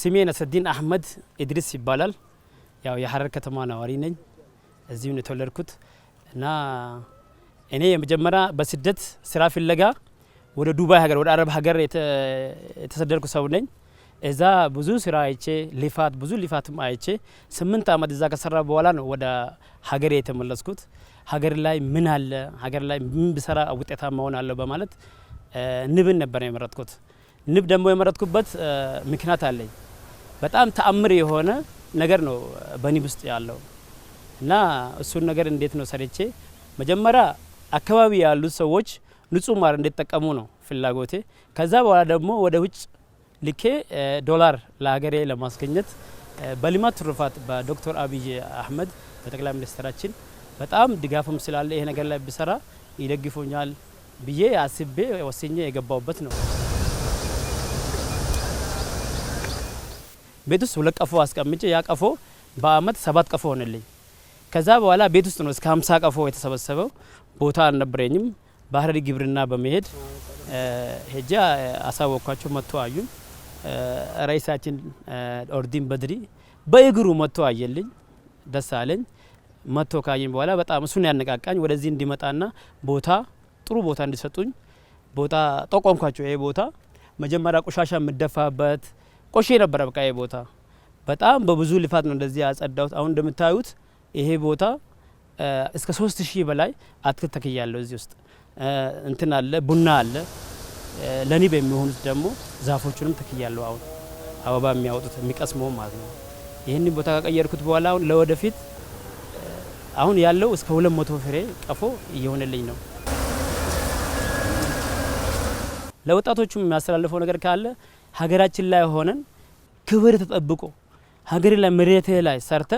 ስሜ ነሰዲን አህመድ ኢድሪስ ይባላል። ያው የሀረር ከተማ ነዋሪ ነኝ። እዚሁ ነው የተወለድኩት እና እኔ የመጀመሪያ በስደት ስራ ፍለጋ ወደ ዱባይ ሀገር ወደ አረብ ሀገር የተሰደድኩ ሰው ነኝ። እዛ ብዙ ስራ አይቼ ልፋት ብዙ ልፋትም አይቼ ስምንት ዓመት እዛ ከሰራ በኋላ ነው ወደ ሀገሬ የተመለስኩት። ሀገር ላይ ምን አለ ሀገር ላይ ምን ብሰራ ውጤታማ መሆን አለው በማለት ንብን ነበር የመረጥኩት። ንብ ደግሞ የመረጥኩበት ምክንያት አለኝ። በጣም ተአምር የሆነ ነገር ነው በኒብ ውስጥ ያለው እና እሱን ነገር እንዴት ነው ሰርቼ መጀመሪያ አካባቢ ያሉት ሰዎች ንጹህ ማር እንዲጠቀሙ ነው ፍላጎቴ። ከዛ በኋላ ደግሞ ወደ ውጭ ልኬ ዶላር ለሀገሬ ለማስገኘት በልማት ትሩፋት በዶክተር አብይ አህመድ በጠቅላይ ሚኒስትራችን በጣም ድጋፍም ስላለ ይሄ ነገር ላይ ብሰራ ይደግፎኛል ብዬ አስቤ ወስኜ የገባውበት ነው። ቤት ውስጥ ሁለት ቀፎ አስቀምጬ ያ ቀፎ በአመት ሰባት ቀፎ ሆነልኝ። ከዛ በኋላ ቤት ውስጥ ነው እስከ ሀምሳ ቀፎ የተሰበሰበው። ቦታ አልነበረኝም። ባህረሪ ግብርና በመሄድ ሄጃ አሳወቅኳቸው። መጥቶ አዩን። ራይሳችን ኦርዲን በድሪ በእግሩ መጥቶ አየልኝ። ደስ አለኝ። መጥቶ ካየኝ በኋላ በጣም እሱን ያነቃቃኝ ወደዚህ እንዲመጣና ቦታ ጥሩ ቦታ እንዲሰጡኝ ቦታ ጠቆምኳቸው። ይሄ ቦታ መጀመሪያ ቆሻሻ የምደፋበት ቆሼ ነበረ። በቃ ይሄ ቦታ በጣም በብዙ ልፋት ነው እንደዚህ ያጸዳሁት። አሁን እንደምታዩት ይሄ ቦታ እስከ ሶስት ሺህ በላይ አትክልት ተክያለሁ። እዚህ ውስጥ እንትን አለ፣ ቡና አለ። ለንብ የሚሆኑት ደግሞ ዛፎቹንም ተክያለሁ። አሁን አበባ የሚያወጡት የሚቀስመው ማለት ነው። ይህንን ቦታ ከቀየርኩት በኋላ አሁን ለወደፊት አሁን ያለው እስከ ሁለት መቶ ፍሬ ቀፎ እየሆነልኝ ነው። ለወጣቶቹም የሚያስተላልፈው ነገር ካለ ሀገራችን ላይ ሆነን ክብር ተጠብቆ ሀገር ላይ መሬት ላይ ሰርተ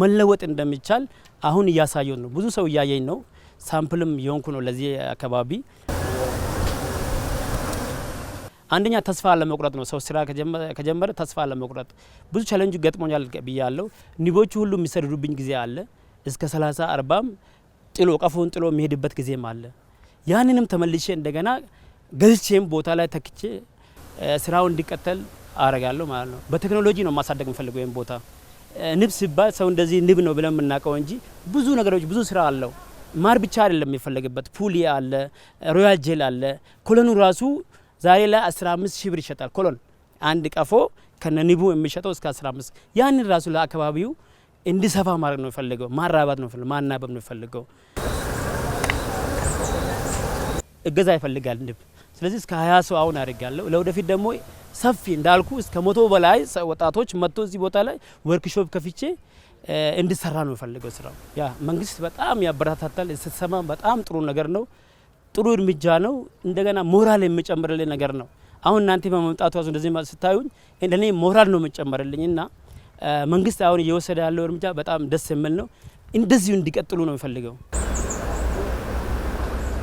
መለወጥ እንደሚቻል አሁን እያሳየን ነው። ብዙ ሰው እያየኝ ነው። ሳምፕልም የሆንኩ ነው ለዚህ አካባቢ። አንደኛ ተስፋ ለመቁረጥ ነው። ሰው ስራ ከጀመረ ተስፋ አለመቁረጥ። ብዙ ቻለንጅ ገጥሞኛል ብያለሁ። ንቦቹ ሁሉ የሚሰድዱብኝ ጊዜ አለ። እስከ 30 40 ጥሎ ቀፎን ጥሎ የሚሄድበት ጊዜም አለ። ያንንም ተመልሼ እንደገና ገዝቼም ቦታ ላይ ተክቼ ስራው እንዲቀጠል አረጋለሁ ማለት ነው። በቴክኖሎጂ ነው ማሳደግ የምፈልገው ይህን ቦታ። ንብ ሲባል ሰው እንደዚህ ንብ ነው ብለን የምናውቀው እንጂ ብዙ ነገሮች ብዙ ስራ አለው። ማር ብቻ አይደለም የሚፈለግበት፣ ፑሊ አለ፣ ሮያል ጄል አለ። ኮሎኑ ራሱ ዛሬ ላይ 15 ሺህ ብር ይሸጣል። ኮሎን አንድ ቀፎ ከነ ንቡ የሚሸጠው እስከ 15 ያንን ራሱ ለአካባቢው እንዲሰፋ ማድረግ ነው የሚፈልገው፣ ማራባት ነው የሚፈልገው፣ ማናበብ ነው የሚፈልገው። እገዛ ይፈልጋል ንብ ስለዚህ እስከ ሀያ ሰው አሁን አድርጋለሁ። ለወደፊት ደግሞ ሰፊ እንዳልኩ እስከ መቶ በላይ ወጣቶች መጥቶ እዚህ ቦታ ላይ ወርክሾፕ ከፍቼ እንዲሰራ ነው የፈልገው ስራው። ያ መንግስት በጣም ያበረታታል። ስትሰማ በጣም ጥሩ ነገር ነው። ጥሩ እርምጃ ነው። እንደገና ሞራል የሚጨምርልኝ ነገር ነው። አሁን እናንተ በመምጣቱ ያዙ እንደዚህ ስታዩኝ እኔ ሞራል ነው የሚጨምርልኝ እና መንግስት አሁን እየወሰደ ያለው እርምጃ በጣም ደስ የሚል ነው። እንደዚሁ እንዲቀጥሉ ነው የፈልገው።